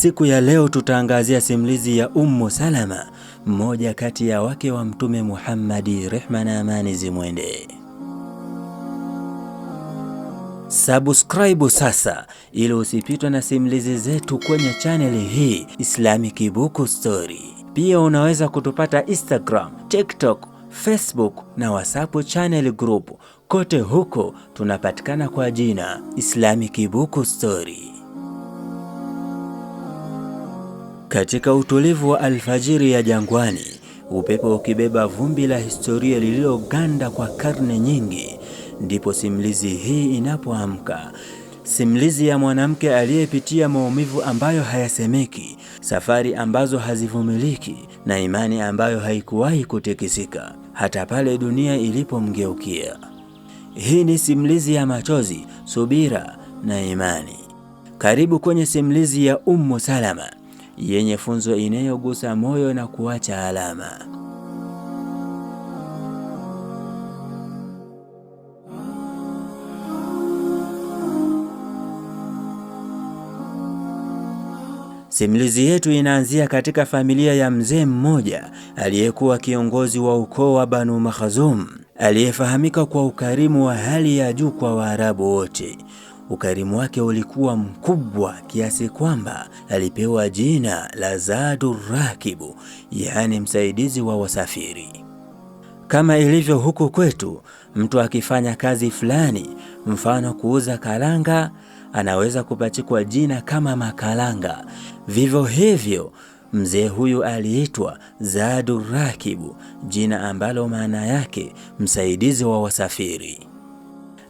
Siku ya leo tutaangazia simulizi ya Ummu Salama, mmoja kati ya wake wa Mtume Muhammadi, rehma na amani zimwende. Subscribe sasa ili usipitwe na simulizi zetu kwenye chaneli hii Islamic Book Story. Pia unaweza kutupata Instagram, TikTok, Facebook na WhatsApp channel group. Kote huko tunapatikana kwa jina Islamic Book Story. Katika utulivu wa alfajiri ya jangwani, upepo ukibeba vumbi la historia lililoganda kwa karne nyingi, ndipo simulizi hii inapoamka. Simulizi ya mwanamke aliyepitia maumivu ambayo hayasemeki, safari ambazo hazivumiliki, na imani ambayo haikuwahi kutikisika hata pale dunia ilipomgeukia. Hii ni simulizi ya machozi, subira na imani. Karibu kwenye simulizi ya Ummu Salama yenye funzo inayogusa moyo na kuacha alama. Simulizi yetu inaanzia katika familia ya mzee mmoja aliyekuwa kiongozi wa ukoo wa Banu Makhzum aliyefahamika kwa ukarimu wa hali ya juu kwa Waarabu wote. Ukarimu wake ulikuwa mkubwa kiasi kwamba alipewa jina la Zadu Rakibu, yaani msaidizi wa wasafiri. Kama ilivyo huku kwetu, mtu akifanya kazi fulani, mfano kuuza karanga, anaweza kupachikwa jina kama Makalanga. Vivyo hivyo mzee huyu aliitwa Zadu Rakibu, jina ambalo maana yake msaidizi wa wasafiri.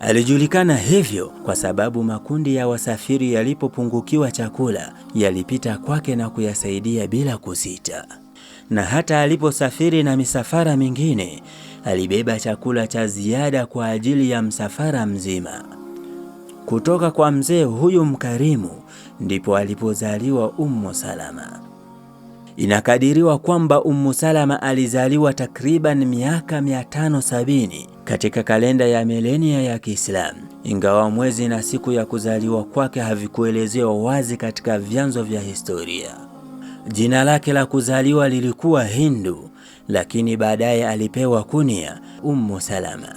Alijulikana hivyo kwa sababu makundi ya wasafiri yalipopungukiwa chakula yalipita kwake na kuyasaidia bila kusita. Na hata aliposafiri na misafara mingine, alibeba chakula cha ziada kwa ajili ya msafara mzima. Kutoka kwa mzee huyu mkarimu ndipo alipozaliwa Ummu Salama. Inakadiriwa kwamba Ummu Salama alizaliwa takriban miaka 570 katika kalenda ya milenia ya Kiislamu, ingawa mwezi na siku ya kuzaliwa kwake havikuelezewa wazi katika vyanzo vya historia. Jina lake la kuzaliwa lilikuwa Hindu, lakini baadaye alipewa kunia Ummu Salama.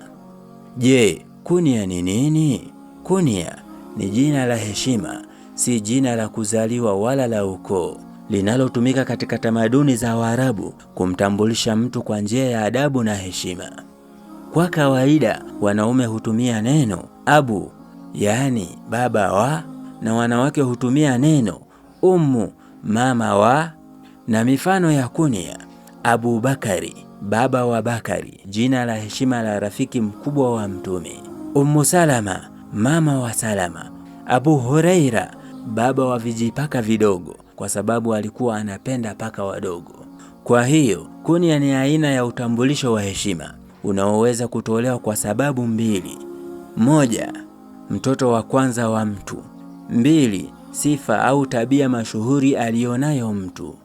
Je, kunia ni nini? Kunia ni jina la heshima, si jina la kuzaliwa wala la ukoo linalotumika katika tamaduni za Waarabu kumtambulisha mtu kwa njia ya adabu na heshima. Kwa kawaida wanaume hutumia neno abu, yaani baba wa, na wanawake hutumia neno ummu, mama wa, na mifano ya kunia Abu Bakari, baba wa Bakari, jina la heshima la rafiki mkubwa wa Mtume; Ummu Salama, mama wa Salama; Abu Huraira, baba wa vijipaka vidogo, kwa sababu alikuwa anapenda paka wadogo. Kwa hiyo kunia ni aina ya utambulisho wa heshima unaoweza kutolewa kwa sababu mbili: moja, mtoto wa kwanza wa mtu; mbili, sifa au tabia mashuhuri aliyonayo mtu.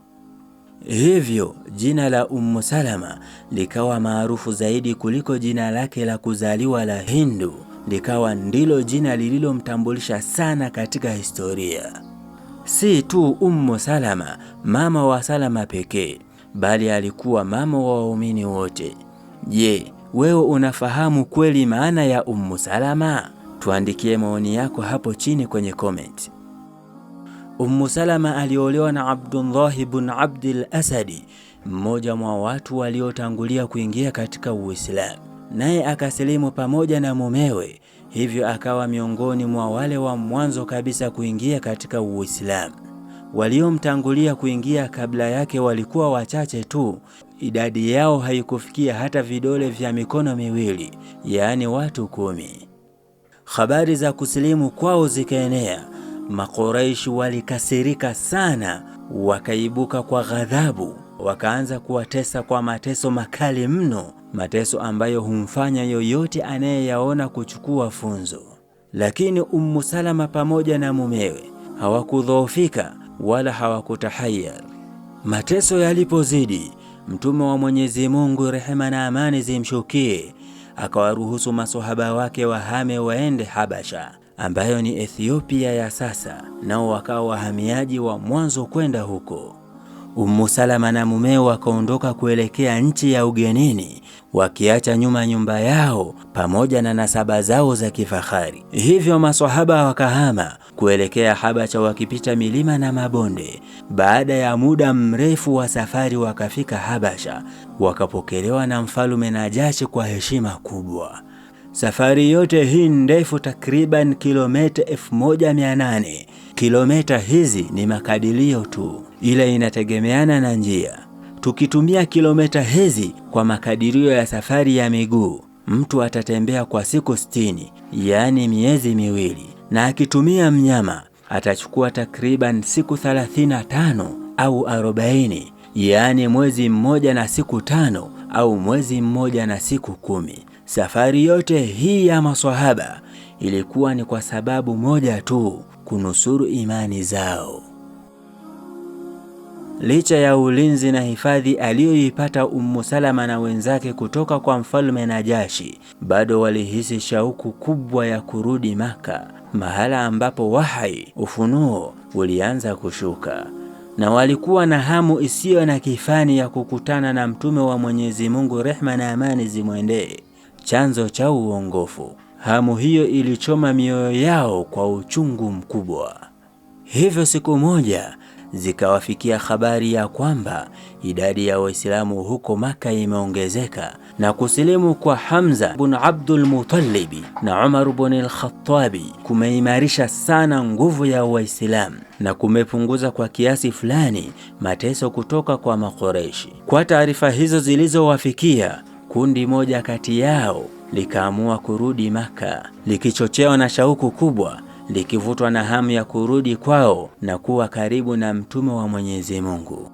Hivyo jina la Ummu Salama likawa maarufu zaidi kuliko jina lake la kuzaliwa la Hindu, likawa ndilo jina lililomtambulisha sana katika historia. Si tu Ummu Salama mama wa Salama pekee, bali alikuwa mama wa waumini wote. Je, wewe unafahamu kweli maana ya Ummu Salama? Tuandikie maoni yako hapo chini kwenye comment. Ummu Salama aliolewa na Abdullah ibn Abdul Asadi, mmoja mwa watu waliotangulia kuingia katika Uislamu, naye akasilimu pamoja na mumewe, hivyo akawa miongoni mwa wale wa mwanzo kabisa kuingia katika Uislamu. Waliomtangulia kuingia kabla yake walikuwa wachache tu, idadi yao haikufikia hata vidole vya mikono miwili, yaani watu kumi. Habari za kusilimu kwao zikaenea. Makuraishi walikasirika sana, wakaibuka kwa ghadhabu, wakaanza kuwatesa kwa mateso makali mno, mateso ambayo humfanya yoyote anayeyaona kuchukua funzo. Lakini Ummu Salama pamoja na mumewe hawakudhoofika wala hawakutahayar. Mateso yalipozidi Mtume wa Mwenyezi Mungu, rehema na amani zimshukie, akawaruhusu masohaba wake wahame waende Habasha ambayo ni Ethiopia ya sasa, nao wakawa wahamiaji wa mwanzo kwenda huko. Umu Salama na mumeo wakaondoka kuelekea nchi ya ugenini wakiacha nyuma nyumba yao pamoja na nasaba zao za kifahari. Hivyo maswahaba wakahama kuelekea Habasha wakipita milima na mabonde. Baada ya muda mrefu wa safari wakafika Habasha, wakapokelewa na mfalume Najashi kwa heshima kubwa. Safari yote hii ndefu takriban kilomita 1800. Kilomita hizi ni makadirio tu ila inategemeana na njia. Tukitumia kilomita hizi kwa makadirio ya safari ya miguu, mtu atatembea kwa siku sitini, yaani miezi miwili, na akitumia mnyama atachukua takriban siku 35 au 40, yaani mwezi mmoja na siku tano au mwezi mmoja na siku kumi. Safari yote hii ya maswahaba ilikuwa ni kwa sababu moja tu, kunusuru imani zao. Licha ya ulinzi na hifadhi aliyoipata Ummu Salama na wenzake kutoka kwa mfalme Najashi, bado walihisi shauku kubwa ya kurudi Maka, mahala ambapo wahai ufunuo ulianza kushuka na walikuwa na hamu isiyo na kifani ya kukutana na mtume wa Mwenyezi Mungu, rehma na amani zimwendee, chanzo cha uongofu. Hamu hiyo ilichoma mioyo yao kwa uchungu mkubwa. Hivyo siku moja zikawafikia habari ya kwamba idadi ya Waislamu huko Maka imeongezeka na kusilimu kwa Hamza bin Abdul Muttalib na Umar bin al-Khattab kumeimarisha sana nguvu ya Waislamu na kumepunguza kwa kiasi fulani mateso kutoka kwa Makoreshi. Kwa taarifa hizo zilizowafikia, kundi moja kati yao likaamua kurudi Maka likichochewa na shauku kubwa likivutwa na hamu ya kurudi kwao na kuwa karibu na mtume wa Mwenyezi Mungu.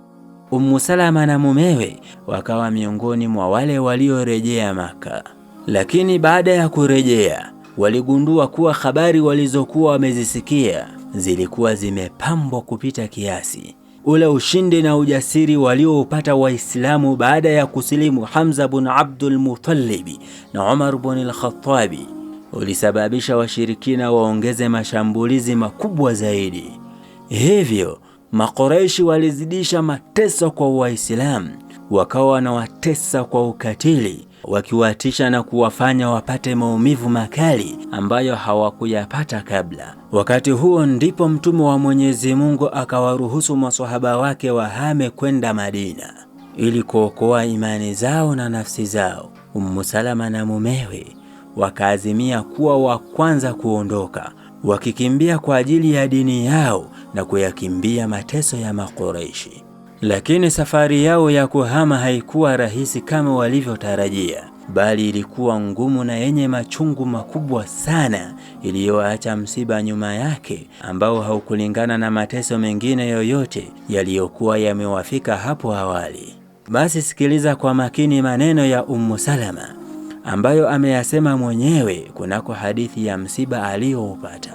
Ummu Salama na mumewe wakawa miongoni mwa wale waliorejea Maka, lakini baada ya kurejea waligundua kuwa habari walizokuwa wamezisikia zilikuwa zimepambwa kupita kiasi. Ule ushindi na ujasiri walioupata Waislamu baada ya kusilimu Hamza bin Abdul Muttalib na Umar bin al-Khattabi ulisababisha washirikina waongeze mashambulizi makubwa zaidi. Hivyo Makoreishi walizidisha mateso kwa Waislamu, wakawa wanawatesa kwa ukatili, wakiwatisha na kuwafanya wapate maumivu makali ambayo hawakuyapata kabla. Wakati huo ndipo Mtume wa Mwenyezi Mungu akawaruhusu maswahaba wake wahame kwenda Madina ili kuokoa imani zao na nafsi zao. Ummu Salama na mumewe wakaazimia kuwa wa kwanza kuondoka, wakikimbia kwa ajili ya dini yao na kuyakimbia mateso ya Makureishi. Lakini safari yao ya kuhama haikuwa rahisi kama walivyotarajia, bali ilikuwa ngumu na yenye machungu makubwa sana, iliyoacha msiba nyuma yake ambao haukulingana na mateso mengine yoyote yaliyokuwa yamewafika hapo awali. Basi sikiliza kwa makini maneno ya Ummu Salama ambayo ameyasema mwenyewe kunako hadithi ya msiba aliyoupata.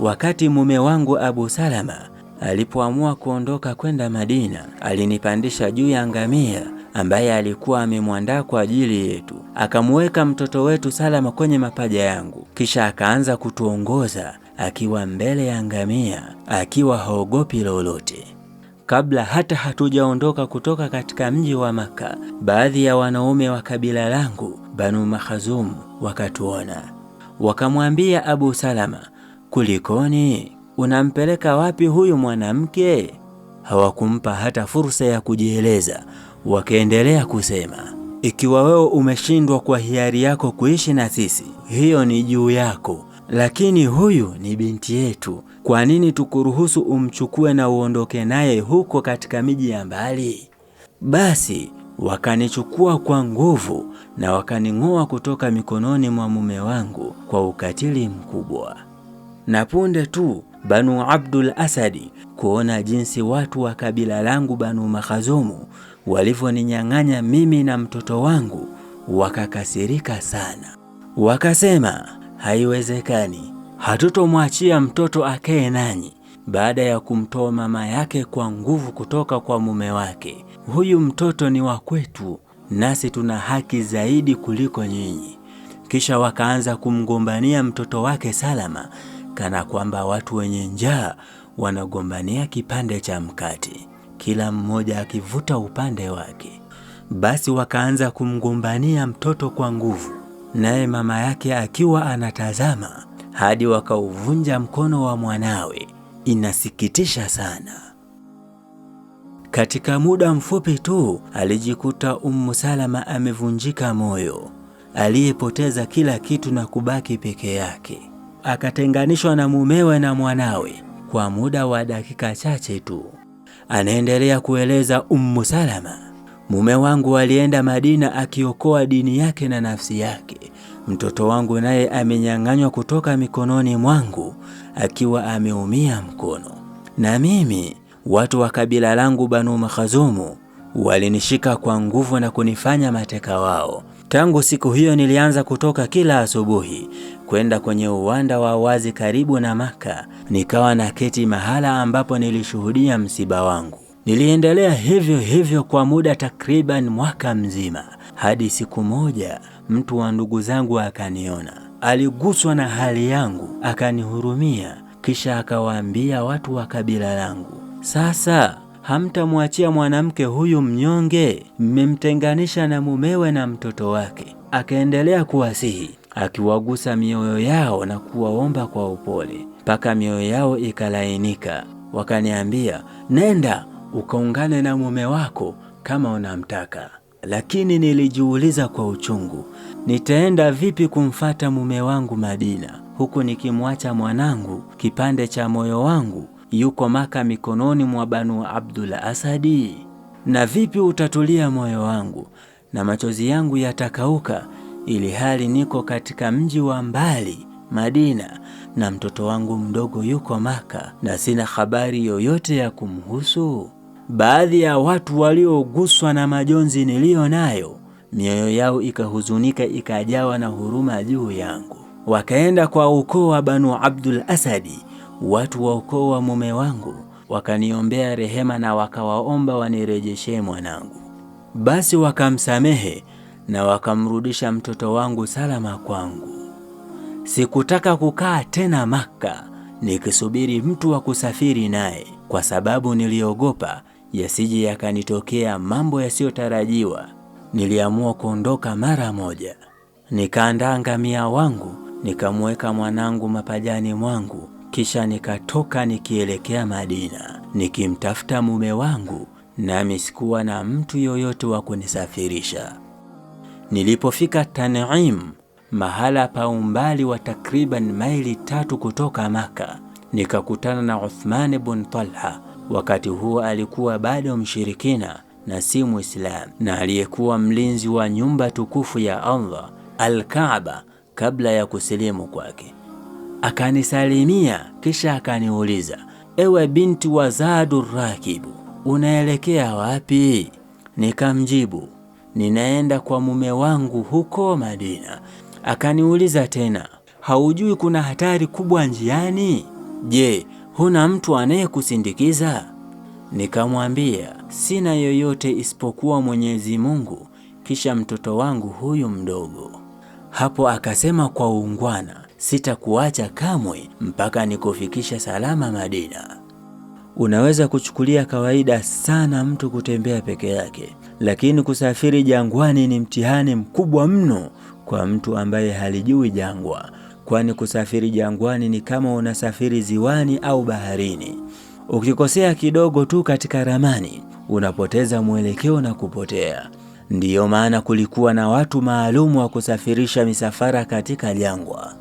Wakati mume wangu Abu Salama alipoamua kuondoka kwenda Madina, alinipandisha juu ya ngamia ambaye alikuwa amemwandaa kwa ajili yetu. Akamweka mtoto wetu salama kwenye mapaja yangu, kisha akaanza kutuongoza akiwa mbele ya ngamia, akiwa haogopi lolote. Kabla hata hatujaondoka kutoka katika mji wa Maka, baadhi ya wanaume wa kabila langu Banu Mahazum wakatuona, wakamwambia Abu Salama, kulikoni? Unampeleka wapi huyu mwanamke? Hawakumpa hata fursa ya kujieleza, Wakaendelea kusema, ikiwa wewe umeshindwa kwa hiari yako kuishi na sisi, hiyo ni juu yako, lakini huyu ni binti yetu. Kwa nini tukuruhusu umchukue na uondoke naye huko katika miji ya mbali? Basi wakanichukua kwa nguvu na wakaning'oa kutoka mikononi mwa mume wangu kwa ukatili mkubwa. Na punde tu Banu Abdul Asadi kuona jinsi watu wa kabila langu Banu Makhazumu walivyoninyang'anya mimi na mtoto wangu, wakakasirika sana. Wakasema, haiwezekani, hatutomwachia mtoto akae nanyi baada ya kumtoa mama yake kwa nguvu kutoka kwa mume wake. Huyu mtoto ni wa kwetu, nasi tuna haki zaidi kuliko nyinyi. Kisha wakaanza kumgombania mtoto wake Salama kana kwamba watu wenye njaa wanagombania kipande cha mkate kila mmoja akivuta upande wake. Basi wakaanza kumgombania mtoto kwa nguvu, naye mama yake akiwa anatazama hadi wakauvunja mkono wa mwanawe. Inasikitisha sana. Katika muda mfupi tu alijikuta umu Salama amevunjika moyo, aliyepoteza kila kitu na kubaki peke yake. Akatenganishwa na mumewe na mwanawe kwa muda wa dakika chache tu. Anaendelea kueleza Ummu Salama, mume wangu alienda Madina akiokoa dini yake na nafsi yake. Mtoto wangu naye amenyang'anywa kutoka mikononi mwangu akiwa ameumia mkono, na mimi watu wa kabila langu Banu Makhazumu walinishika kwa nguvu na kunifanya mateka wao. Tangu siku hiyo nilianza kutoka kila asubuhi kwenda kwenye uwanda wa wazi karibu na Maka, nikawa na keti mahala ambapo nilishuhudia msiba wangu. Niliendelea hivyo hivyo kwa muda takriban mwaka mzima, hadi siku moja mtu wa ndugu zangu akaniona, aliguswa na hali yangu, akanihurumia, kisha akawaambia watu wa kabila langu, sasa hamtamwachia mwanamke huyu mnyonge, mmemtenganisha na mumewe na mtoto wake. Akaendelea kuwasihi akiwagusa mioyo yao na kuwaomba kwa upole mpaka mioyo yao ikalainika. Wakaniambia, nenda ukaungane na mume wako kama unamtaka. Lakini nilijiuliza kwa uchungu, nitaenda vipi kumfata mume wangu Madina huku nikimwacha mwanangu kipande cha moyo wangu yuko Maka mikononi mwa Banu Abdul Asadi? Na vipi utatulia moyo wangu na machozi yangu yatakauka ili hali niko katika mji wa mbali Madina na mtoto wangu mdogo yuko Maka na sina habari yoyote ya kumhusu? Baadhi ya watu walioguswa na majonzi niliyo nayo, mioyo yao ikahuzunika, ikajawa na huruma juu yangu. Wakaenda kwa ukoo wa Banu Abdul Asadi, watu wa ukoo wa mume wangu, wakaniombea rehema na wakawaomba wanirejeshe mwanangu. Basi wakamsamehe na wakamrudisha mtoto wangu salama kwangu. Sikutaka kukaa tena Makka nikisubiri mtu wa kusafiri naye, kwa sababu niliogopa yasije yakanitokea mambo yasiyotarajiwa. Niliamua kuondoka mara moja. Nikaandaa ngamia wangu, nikamweka mwanangu mapajani mwangu, kisha nikatoka nikielekea Madina nikimtafuta mume wangu, nami sikuwa na mtu yoyote wa kunisafirisha. Nilipofika Tanaim, mahala pa umbali wa takriban maili tatu kutoka Maka, nikakutana na Uthman ibn Talha. Wakati huo alikuwa bado mshirikina na si Muislam, na aliyekuwa mlinzi wa nyumba tukufu ya Allah Al-Kaaba kabla ya kusilimu kwake. Akanisalimia kisha akaniuliza, ewe binti wa Zadu Rakibu, unaelekea wapi? Nikamjibu, ninaenda kwa mume wangu huko Madina. Akaniuliza tena, haujui kuna hatari kubwa njiani? Je, huna mtu anayekusindikiza? Nikamwambia sina yoyote isipokuwa Mwenyezi Mungu, kisha mtoto wangu huyu mdogo. Hapo akasema kwa uungwana, sitakuacha kamwe mpaka nikufikisha salama Madina. Unaweza kuchukulia kawaida sana mtu kutembea peke yake, lakini kusafiri jangwani ni mtihani mkubwa mno kwa mtu ambaye halijui jangwa, kwani kusafiri jangwani ni kama unasafiri ziwani au baharini. Ukikosea kidogo tu katika ramani, unapoteza mwelekeo na kupotea. Ndiyo maana kulikuwa na watu maalum wa kusafirisha misafara katika jangwa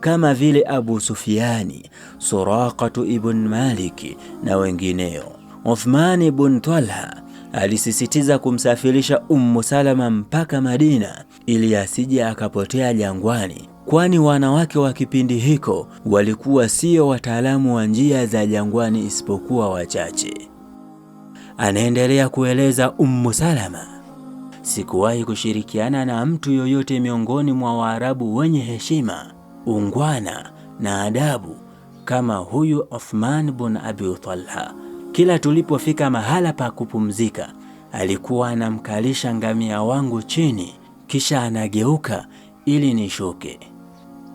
kama vile Abu Sufiani, Suraqatu ibn Maliki na wengineo, Uthman ibn Talha alisisitiza kumsafirisha Ummu Salama mpaka Madina ili asije akapotea jangwani, kwani wanawake wa kipindi hiko walikuwa sio wataalamu wa njia za jangwani isipokuwa wachache. Anaendelea kueleza Ummu Salama, sikuwahi kushirikiana na mtu yoyote miongoni mwa Waarabu wenye heshima, ungwana na adabu kama huyu Uthman bin Abi Talha kila tulipofika mahala pa kupumzika, alikuwa anamkalisha ngamia wangu chini, kisha anageuka ili nishuke.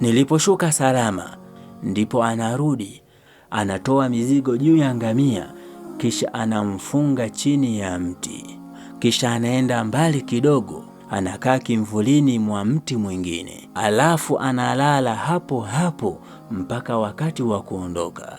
Niliposhuka salama, ndipo anarudi anatoa mizigo juu ya ngamia, kisha anamfunga chini ya mti, kisha anaenda mbali kidogo, anakaa kimvulini mwa mti mwingine, alafu analala hapo hapo mpaka wakati wa kuondoka.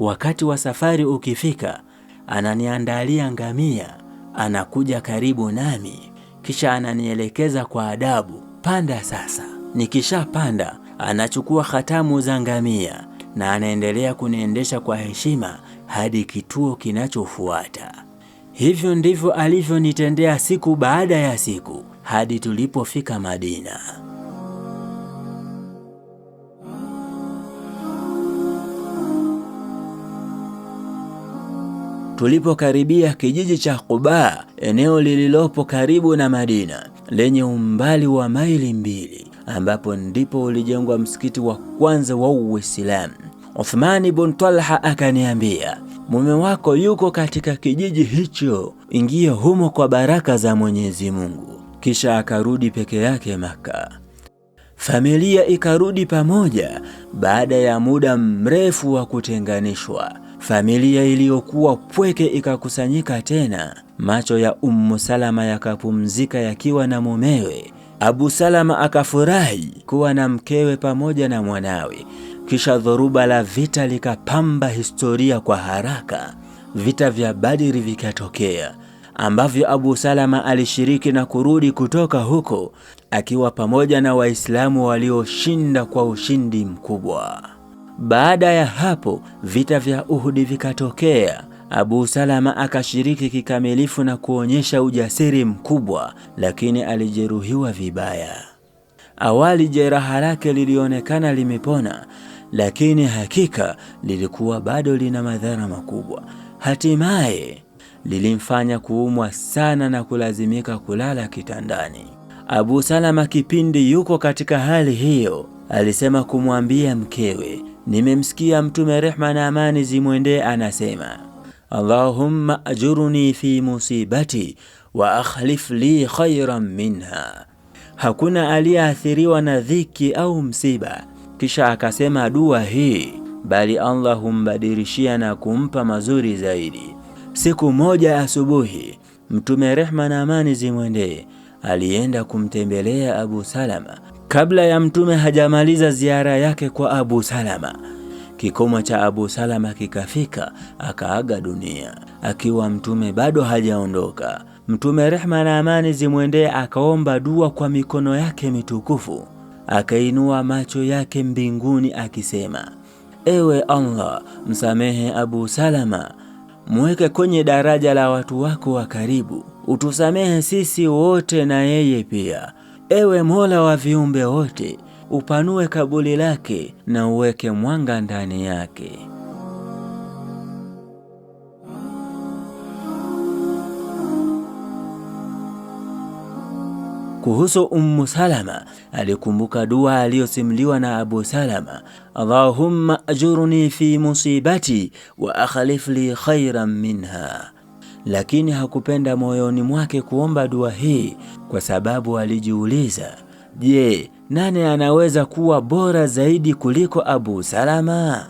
Wakati wa safari ukifika, ananiandalia ngamia, anakuja karibu nami, kisha ananielekeza kwa adabu, panda sasa. Nikishapanda, anachukua hatamu za ngamia na anaendelea kuniendesha kwa heshima hadi kituo kinachofuata. Hivyo ndivyo alivyonitendea siku baada ya siku hadi tulipofika Madina. tulipokaribia kijiji cha Quba, eneo lililopo karibu na Madina lenye umbali wa maili mbili, ambapo ndipo ulijengwa msikiti wa kwanza wa Uislamu. Uthman ibn Talha akaniambia, mume wako yuko katika kijiji hicho, ingia humo kwa baraka za Mwenyezi Mungu. Kisha akarudi peke yake Maka. Familia ikarudi pamoja baada ya muda mrefu wa kutenganishwa. Familia iliyokuwa pweke ikakusanyika tena. Macho ya Ummu Salama yakapumzika yakiwa na mumewe. Abu Salama akafurahi kuwa na mkewe pamoja na mwanawe. Kisha dhoruba la vita likapamba historia kwa haraka. Vita vya Badiri vikatokea ambavyo Abu Salama alishiriki na kurudi kutoka huko akiwa pamoja na Waislamu walioshinda kwa ushindi mkubwa. Baada ya hapo vita vya Uhudi vikatokea. Abu Salama akashiriki kikamilifu na kuonyesha ujasiri mkubwa, lakini alijeruhiwa vibaya. Awali jeraha lake lilionekana limepona, lakini hakika lilikuwa bado lina madhara makubwa. Hatimaye lilimfanya kuumwa sana na kulazimika kulala kitandani. Abu Salama kipindi yuko katika hali hiyo, alisema kumwambia mkewe nimemsikia Mtume rehma na amani zimwendee anasema, Allahumma ajurni fi musibati wa akhlif li khairan minha. Hakuna aliyeathiriwa na dhiki au msiba kisha akasema dua hii, bali Allah humbadilishia na kumpa mazuri zaidi. Siku moja asubuhi, Mtume rehma na amani zimwendee alienda kumtembelea Abu Salama Kabla ya mtume hajamaliza ziara yake kwa Abu Salama, kikomo cha Abu Salama kikafika, akaaga dunia akiwa mtume bado hajaondoka. Mtume rehma na amani zimwendee akaomba dua kwa mikono yake mitukufu, akainua macho yake mbinguni akisema: ewe Allah, msamehe Abu Salama, muweke kwenye daraja la watu wako wa karibu, utusamehe sisi wote na yeye pia Ewe Mola wa viumbe wote, upanue kaburi lake na uweke mwanga ndani yake. Kuhusu Ummu Salama alikumbuka dua aliyosimuliwa na Abu Salama, Allahumma ajurni fi musibati wa akhlif li khairan minha lakini hakupenda moyoni mwake kuomba dua hii kwa sababu alijiuliza, je, nani anaweza kuwa bora zaidi kuliko Abu Salama?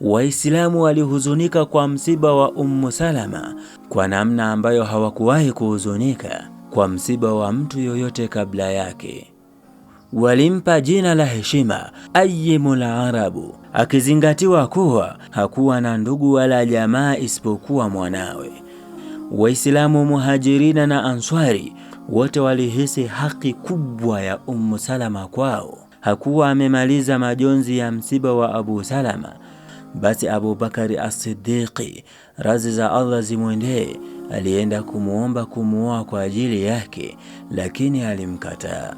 Waislamu walihuzunika kwa msiba wa Ummu Salama kwa namna ambayo hawakuwahi kuhuzunika kwa msiba wa mtu yoyote kabla yake walimpa jina la heshima Ayyimul Arabu, akizingatiwa kuwa hakuwa na ndugu wala jamaa isipokuwa mwanawe. Waislamu Muhajirina na Answari wote walihisi haki kubwa ya Ummu Salama kwao. Hakuwa amemaliza majonzi ya msiba wa Abu Salama, basi Abu Bakari As-Siddiqi, razi za Allah zimwendee, alienda kumwomba kumuoa kwa ajili yake, lakini alimkataa.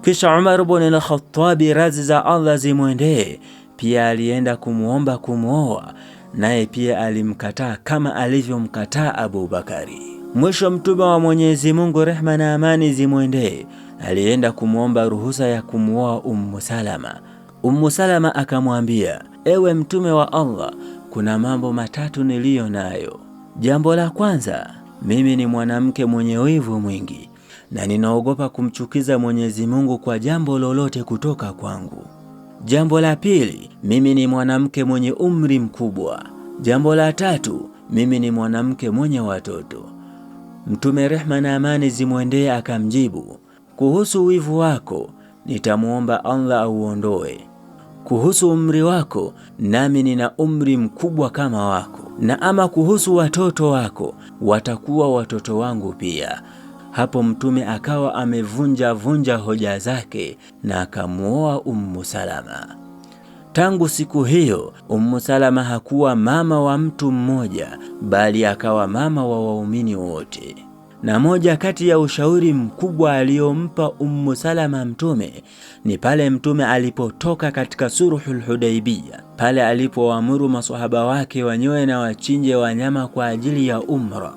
Kisha Umar ibn al khattab radhi za Allah zimwendee, pia alienda kumwomba kumwoa, naye pia alimkataa kama alivyomkataa Abu Bakari. Mwisho mtume wa Mwenyezi Mungu, rehma na amani zimwendee, alienda kumwomba ruhusa ya kumwoa Ummu Salama. Ummu Salama akamwambia, ewe mtume wa Allah, kuna mambo matatu niliyo nayo. Jambo la kwanza, mimi ni mwanamke mwenye wivu mwingi na ninaogopa kumchukiza Mwenyezi Mungu kwa jambo lolote kutoka kwangu. Jambo la pili, mimi ni mwanamke mwenye umri mkubwa. Jambo la tatu, mimi ni mwanamke mwenye watoto. Mtume rehma na amani zimwendee akamjibu, kuhusu wivu wako nitamwomba Allah auondoe. Kuhusu umri wako, nami nina umri mkubwa kama wako, na ama kuhusu watoto wako, watakuwa watoto wangu pia. Hapo Mtume akawa amevunja vunja hoja zake na akamuoa Ummu Salama. Tangu siku hiyo Ummu Salama hakuwa mama wa mtu mmoja, bali akawa mama wa waumini wote. Na moja kati ya ushauri mkubwa aliyompa Ummu Salama Mtume ni pale Mtume alipotoka katika Sulhul Hudaibiyah, pale alipowaamuru masohaba wake wanyoe na wachinje wanyama kwa ajili ya umra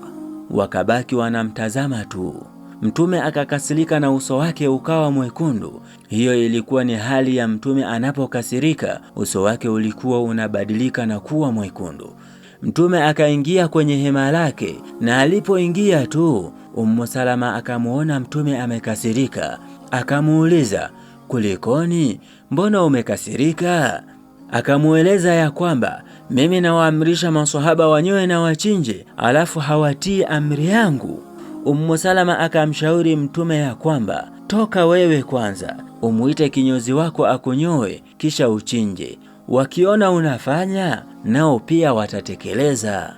wakabaki wanamtazama tu. Mtume akakasirika na uso wake ukawa mwekundu. Hiyo ilikuwa ni hali ya mtume anapokasirika, uso wake ulikuwa unabadilika na kuwa mwekundu. Mtume akaingia kwenye hema lake, na alipoingia tu Ummu Salama akamwona mtume amekasirika, akamuuliza kulikoni, mbona umekasirika? Akamueleza ya kwamba mimi nawaamrisha maswahaba wanyoe na wachinje, alafu hawatii amri yangu. Umu Salama akamshauri Mtume ya kwamba toka wewe kwanza umuite kinyozi wako akunyoe, kisha uchinje. Wakiona unafanya nao pia watatekeleza.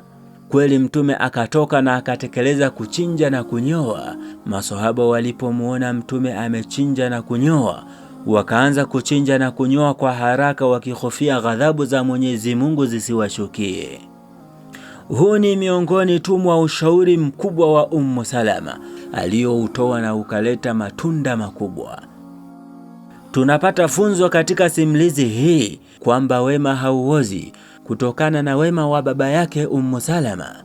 Kweli Mtume akatoka na akatekeleza kuchinja na kunyoa. Maswahaba walipomwona Mtume amechinja na kunyoa wakaanza kuchinja na kunyoa kwa haraka, wakihofia ghadhabu za Mwenyezi Mungu zisiwashukie. Huu ni miongoni tu mwa ushauri mkubwa wa Ummu Salama aliyoutoa na ukaleta matunda makubwa. Tunapata funzo katika simulizi hii kwamba wema hauozi. Kutokana na wema wa baba yake Ummu Salama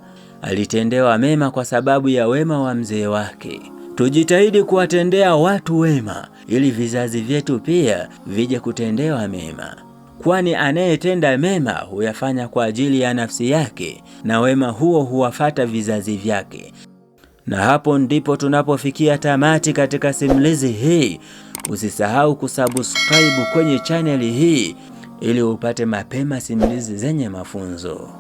alitendewa mema kwa sababu ya wema wa mzee wake. Tujitahidi kuwatendea watu wema ili vizazi vyetu pia vije kutendewa mema, kwani anayetenda mema huyafanya kwa ajili ya nafsi yake na wema huo huwafata vizazi vyake. Na hapo ndipo tunapofikia tamati katika simulizi hii. Usisahau kusubscribe kwenye chaneli hii ili upate mapema simulizi zenye mafunzo.